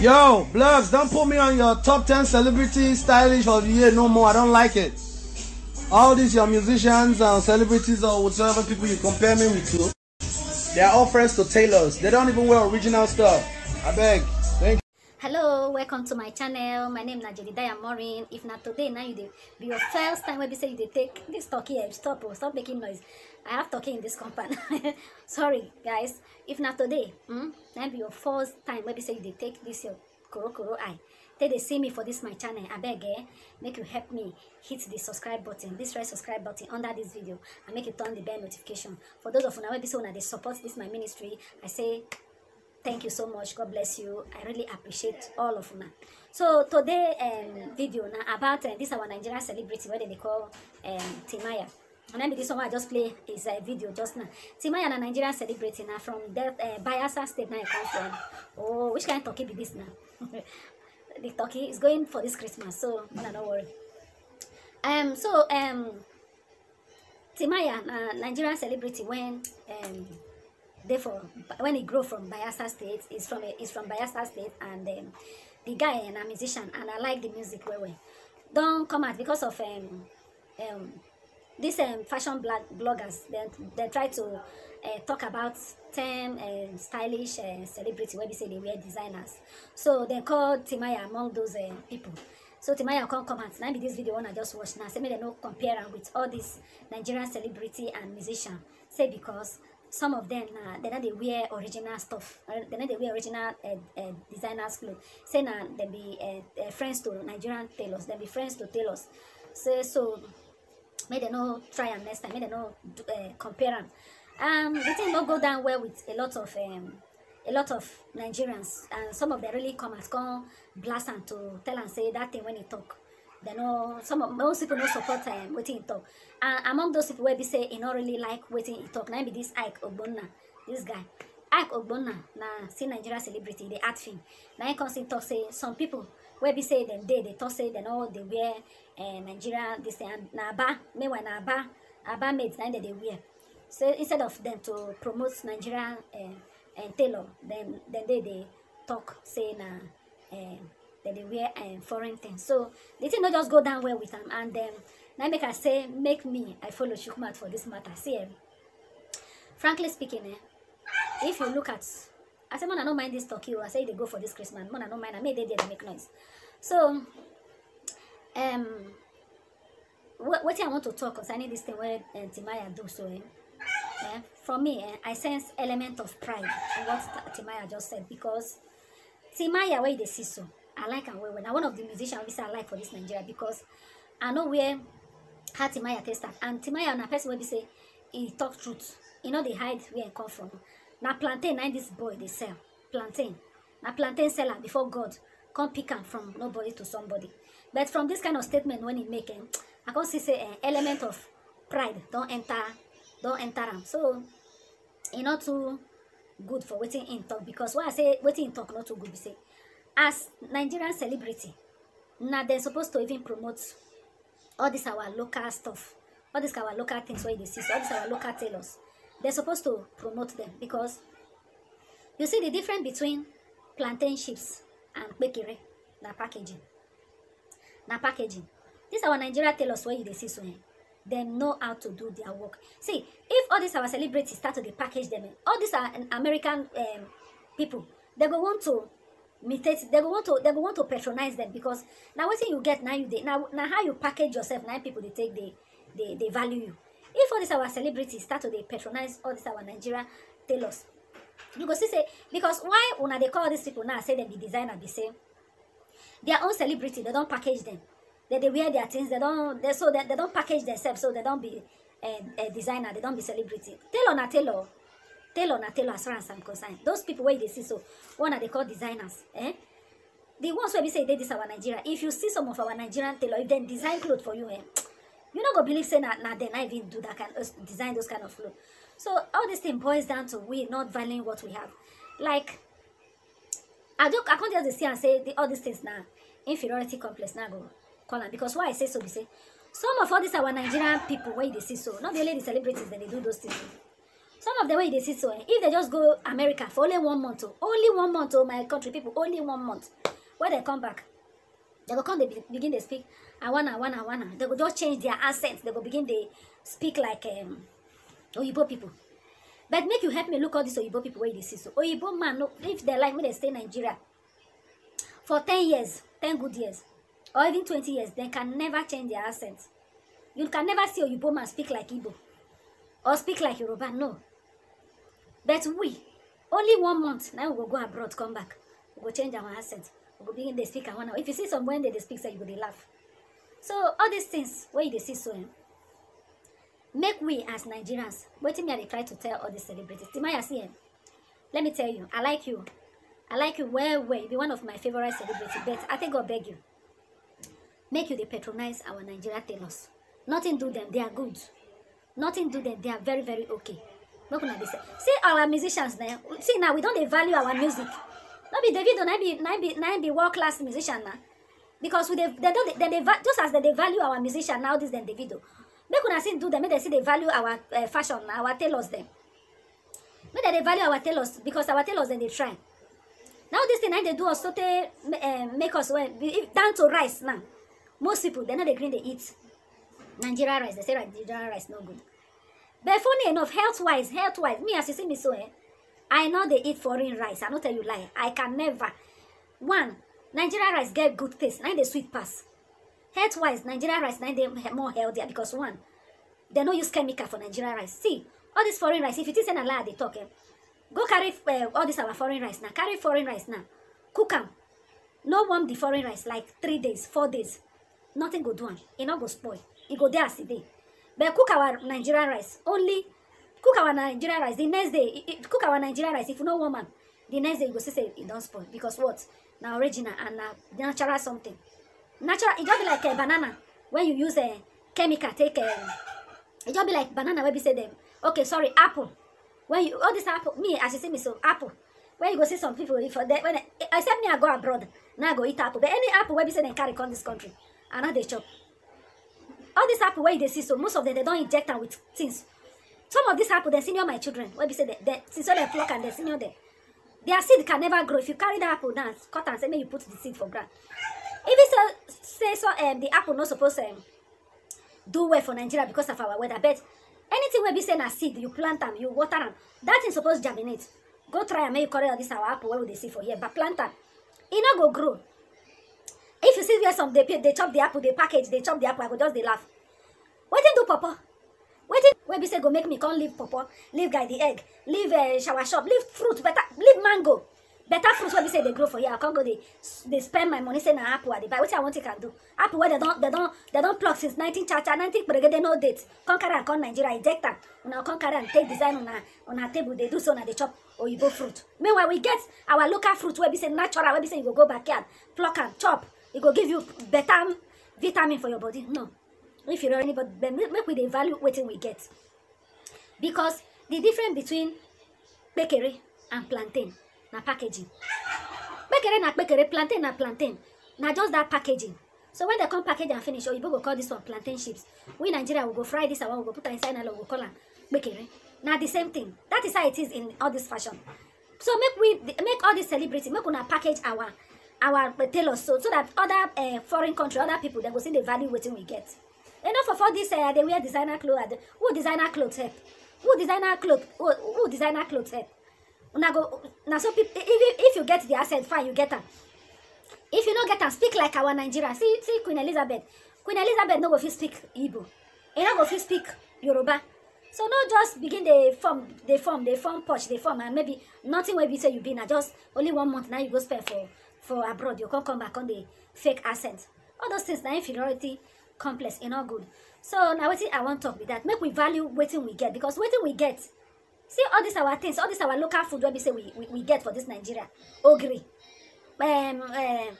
Yo, Blubs, don't put me on your top 10 celebrity stylish of the year no more. I don't like it. All these your musicians and celebrities or whatever people you compare me with they are all friends to tailors. They don't even wear original stuff. I beg hello welcome to my channel my name is jedidiah morin if not today now you dey be your first time wey be say you take this talking here stop oh stop making noise i have talking in this compound sorry guys if not today hmm, be your first time maybe say you take this your kuro eye they, they see me for this my channel beg, eh make you help me hit the subscribe button this red subscribe button under this video and make you turn the bell notification for those of you now, be say that they support this my ministry i say thank you so much god bless you i really appreciate all of you. so today um, video now about uh, this our nigerian celebrity what they call um, timaya and then this one i just play is a uh, video just now timaya a nigerian celebrity now from that uh, bayelsa state now come from oh which kind of talking be this now the talking is going for this christmas so no, no worry um so um timaya a nigerian celebrity when um Therefore, when he grow from Bayelsa State. It's from is from Bayelsa State, and um, the guy and um, a musician, and I like the music well. well. Don't come out because of um, um, these um, fashion bloggers. They, they try to uh, talk about them uh, stylish uh, celebrity where they say they wear designers. So they call Timaya among those uh, people. So Timaya come comment. Now be this video one I just watched now. Say me they no compare with all these Nigerian celebrity and musician. Say because some of them na they no dey wear original stuff eh, they no dey wear original uh, eh, uh, eh, designer cloth say na dem be uh, uh, friends to nigerian tailors dem be friends to tailors say so make dem no try am next time make dem no uh, compare am um, the thing no go down well with a lot of um, a lot of nigerians and some of them really come as come blast am to tell am say that thing wey he talk they know some of most people no support um, waiting talk and among those people where they say they not really like waiting he talk na be this ike ogbonna this guy ike ogbonna na see nigeria celebrity they dey act film na him come still talk say some people where they say dem dey they talk say they no they wear uh, nigeria this thing and na aba meanwhile na aba aba made. na they dey wear so instead of them to promote nigeria uh, uh, tailor dem dem they they talk say na. Uh, then they wear um, foreign things so the thing no just go down well with them. and um, now make i say make me i follow Shukmat for this matter see um, frankly speaking eh, if you look at i say man i don't mind this turkey o i say they go for this christmas man i don't mind I made dey there dey make noise so um, what what i want to talk concerning this thing where uh, timaya do so eh, eh, for me eh, i sense element of pride in what timaya just said because timaya wey they see so I like am well well. Na one of the musicians obviously I like for this Nigeria because I know where how Timaya take start. And Timaya a person will be say he talk truth. You know they hide where e come from. Now plantain na this boy they sell. Plantain. Now plantain seller before God come pick him from nobody to somebody. But from this kind of statement when he make, um, I can see say uh, element of pride Don't enter, don't enter him. So e not too good for waiting in talk because why I say waiting in talk not too good be say as nigerian celebrity now they're supposed to even promote all this our local stuff all this our local things wey you see so all this our local tailors they're supposed to promote them because you see the difference between plantain chips and kpekere na packaging na packaging this our nigeria tailors wey you see so They eh, know how to do their work see if all these our celebrities start to package them eh, all these are american um, people dem go want to they go want to they go want to patronize them because now what you get now you they now now how you package yourself nine people they take they they they value you if all these our celebrities start to they patronize all these our nigeria tailors you go see say because why when they call all these people now say they be designer be say their own celebrity they don't package them they they wear their things they don't they so they, they don't package themselves so they don't be a eh, eh, designer they don't be celebrity tailor not tailor tailor na tailor as far as i'm concerned those people wey they see so one na they call designers eh the ones wey we say they e this our nigeria if you see some of our nigerian tailor if they design clothes for you eh you not go believe say na na they not even do that kind of design those kind of clothes. so all this thing boils down to we not valuing what we have like i don't, i can't just see and say the, all these things now, inferiority complex now go call am because why i say so We say some of all these our nigerian people wey they see so Not be only the celebrities dem dey do those things. some of the way they see so eh if they just go america for only one month o oh, only one month o oh, my country people only one month when they come back they will come dey begin to speak I wanna, I wanna. they will just change their accent they will begin to speak like um, oyibo people but make you help me look all these oyibo people Where they see so oyibo man no if they like make they stay nigeria for ten years ten good years or even twenty years they can never change their accent you can never see oyibo man speak like igbo or speak like yoruba no but we only one month now we go go abroad come back we go change our accent we go begin dey speak our now if you see some when dey dey speak sef so you go dey laugh so all these things wey you dey see so eh make we as nigerians wetin me i dey try to tell all these celebrities timaya see eh let me tell you i like you i like you well well you be one of my favourite celebrities? but i take god beg you make you dey patronize our nigeria tailors nothing do them they are good nothing do them they are very very okay Look at this. See our musicians now. See now we don't value our music. Not be David, not be not be not be world class musician now. Because we they, they don't they, they, just as they, they value our musician now this than Davido. when I see do them, make they see they value our uh, fashion, our tailors them. Make they, they value our tailors because our tailors then they try. Now this thing now they do us so they uh, eh, make us well down to rice now. Most people they know the green they eat. Nigeria rice, they say Nigeria rice no good. but funny enough health wise health wise me as you see me so eh i know they eat foreign rice i no tell you lie i can never one nigerian rice get good taste na dey sweet pass health wise nigerian rice na dey more healthier because one they no use chemical for nigerian rice see all this foreign rice if you think a na lie i talk eh go carry uh, all this our foreign rice now carry foreign rice now cook them. no warm the foreign rice like three days four days nothing go do am e no go spoil It e go there as e dey But cook our Nigerian rice. Only cook our Nigerian rice. The next day, it, it, cook our Nigerian rice. If you know woman, the next day you go see say it don't spoil. Because what? Now original and now natural something. Natural, it just be like a banana. When you use a chemical, take a, it just be like banana where we say them. Okay, sorry, apple. When you, all this apple, me, as you see me, so apple. When you go see some people, if uh, they, when, except me, I go abroad. Now I go eat apple. But any apple where we say they carry come this country, another shop. they chop all this apple wey they see so most of them they don't inject am with things some of this apple they senior my children what we say they since all they pluck and dem senior there, their seed can never grow if you carry that apple down cut and say make you put the seed for ground If you say so um, the apple not suppose um, do well for nigeria because of our weather but anything wey be say a seed you plant them, you water them. That is supposed to germinate go try and make you carry all this our apple What would they see for here but plant am it not go grow if you see where some they they chop the apple they package they chop the apple i go just they laugh What wetin do pawpaw wetin wey be say go make me come leave Papa. leave guy the egg leave uh, shower shop leave fruit better leave mango better fruit wey be say they grow for here i can't go They they spend my money saying na apple i dey buy wetin i wan take am do apple where they don't they don't they don't pluck since 19. nineteen chacha nineteen they no date come carry and come nigeria eject am now come carry and take design on our on our table They do so una they chop oyibo fruit meanwhile we get our local fruit wey be say natural wey be say you go go backyard pluck and chop It go give you better vitamin for your body no if you don't anybody make with the value wetin we get because the difference between bakery and plantain na packaging Bakery na bakery, plantain na plantain na just that packaging so when they come package and finish you go call this one plantain chips we nigeria will go fry this one we go put it inside and we go call it bakery. Now the same thing that is how it is in all this fashion so make we make all this celebrity make una package our our tailors so so that other uh, foreign country other people they go see the value waiting we get enough of all this uh, eh, i wear designer clothes. who designer clothes help who designer clothes? who, who designer cloth help now go now. so people if if you get the asset fine you get am if you no get am speak like our nigeria see see queen elizabeth queen elizabeth no go fit speak igbo e no go fit speak yoruba so no just begin the form the form the form porch the form and maybe nothing wey be say you be na just only one month now you go spend for for abroad you can't come back on the fake accent all those things that inferiority complex e no good so now wetin i to talk with that make we value waiting we get because waiting we get see all these our things all these our local food wey be say we, we we get for this nigeria ogiri um, uh,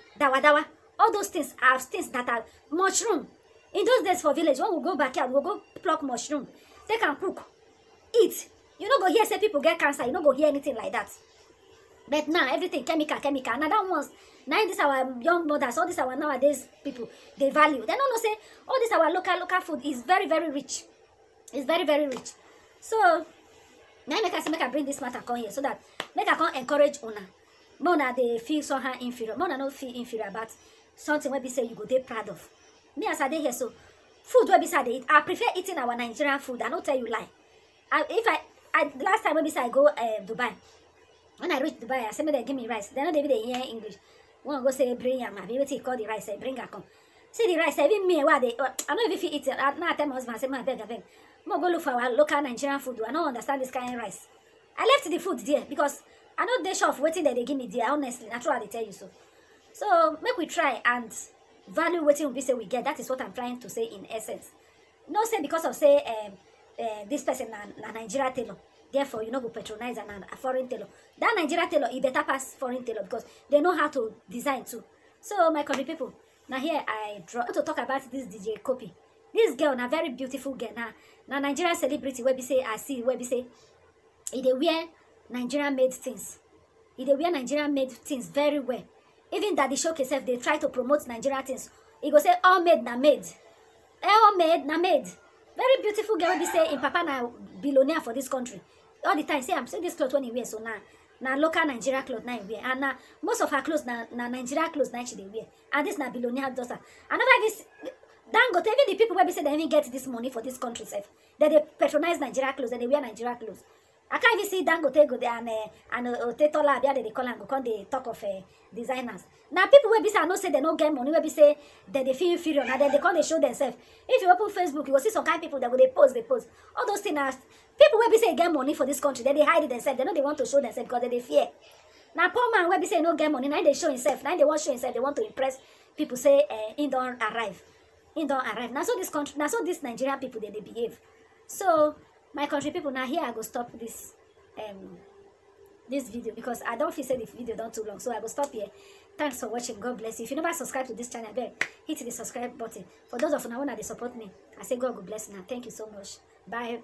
dawa. all those things are things that are mushroom in those days for village when we go back here, we go pluck mushroom They can cook eat you don't go hear say people get cancer you don't go hear anything like that but now everything chemical chemical Now that once now this our young mothers all this our nowadays people they value They no know say all this our local local food is very very rich It's very very rich so now make i make i bring this matter come here so that make i come encourage una more una dey feel somehow inferior more una no feel inferior but something wey be say you go they proud of me as i day here so food wey be say i eat i prefer eating our nigerian food i no tell you lie i if i i last time wey be say i go uh, dubai when i reach dubai i say make give me rice They know they be dey hear english one go say bring yam abi wetin you call the rice Say bring am come see the rice even me what they? dey i know even fit eat it now i tell my husband say ma abeg abeg mo go look for our local nigerian food i no understand this kind of rice i left the food there because i no dey sure of waiting that they give me there honestly na true i tell you so so make we try and value waiting we say we get that is what i'm trying to say in essence no say because of say um, uh, this person na na nigeria tailor therefore you know go patronize an, a foreign tailor that nigeria tailor you better pass foreign tailor because they know how to design too so my country people Now here i draw to talk about this dj copy this girl a very beautiful girl Now, now nigerian celebrity Where we say i see Where we say they wear nigerian made things They wear nigerian made things very well even daddy shoke sef they try to promote nigerian things He go say all made na made eh, all made na made very beautiful girl We say in papa na billionaire for this country all the time say am see this cloth when he wear so now na local nigeria clothes na im wear and na most of her clothes na na nigeria clothes na she dey wear and this na billionaire daughter and over this got even the people where we say they even get this money for this country sef they, they patronize nigeria clothes and they wear nigeria clothes i can't even see dangote go there eh, and uh, and uh, otetola abia dey dey call am go come the talk of uh, designers Now people wey be say i know say they no get money wey be say dem they feel inferior na then they come they show themselves if you open facebook you will see some kind of people that will they post they post all those things people wey be say e get money for this country dem they hide themselves They know they want to show themselves because they fear Now poor man wey be say e no get money Now they show himself Now they want wan show himself They want to impress people say uh, eh, him don arrive him don arrive Now so this country Now so this nigerian people They they behave so my country people now here i go stop this um this video because i don't feel say the video done too long so i go stop here thanks for watching god bless you if you never subscribe to this channel then hit the subscribe button for those of you now want to support me i say god go bless now. thank you so much bye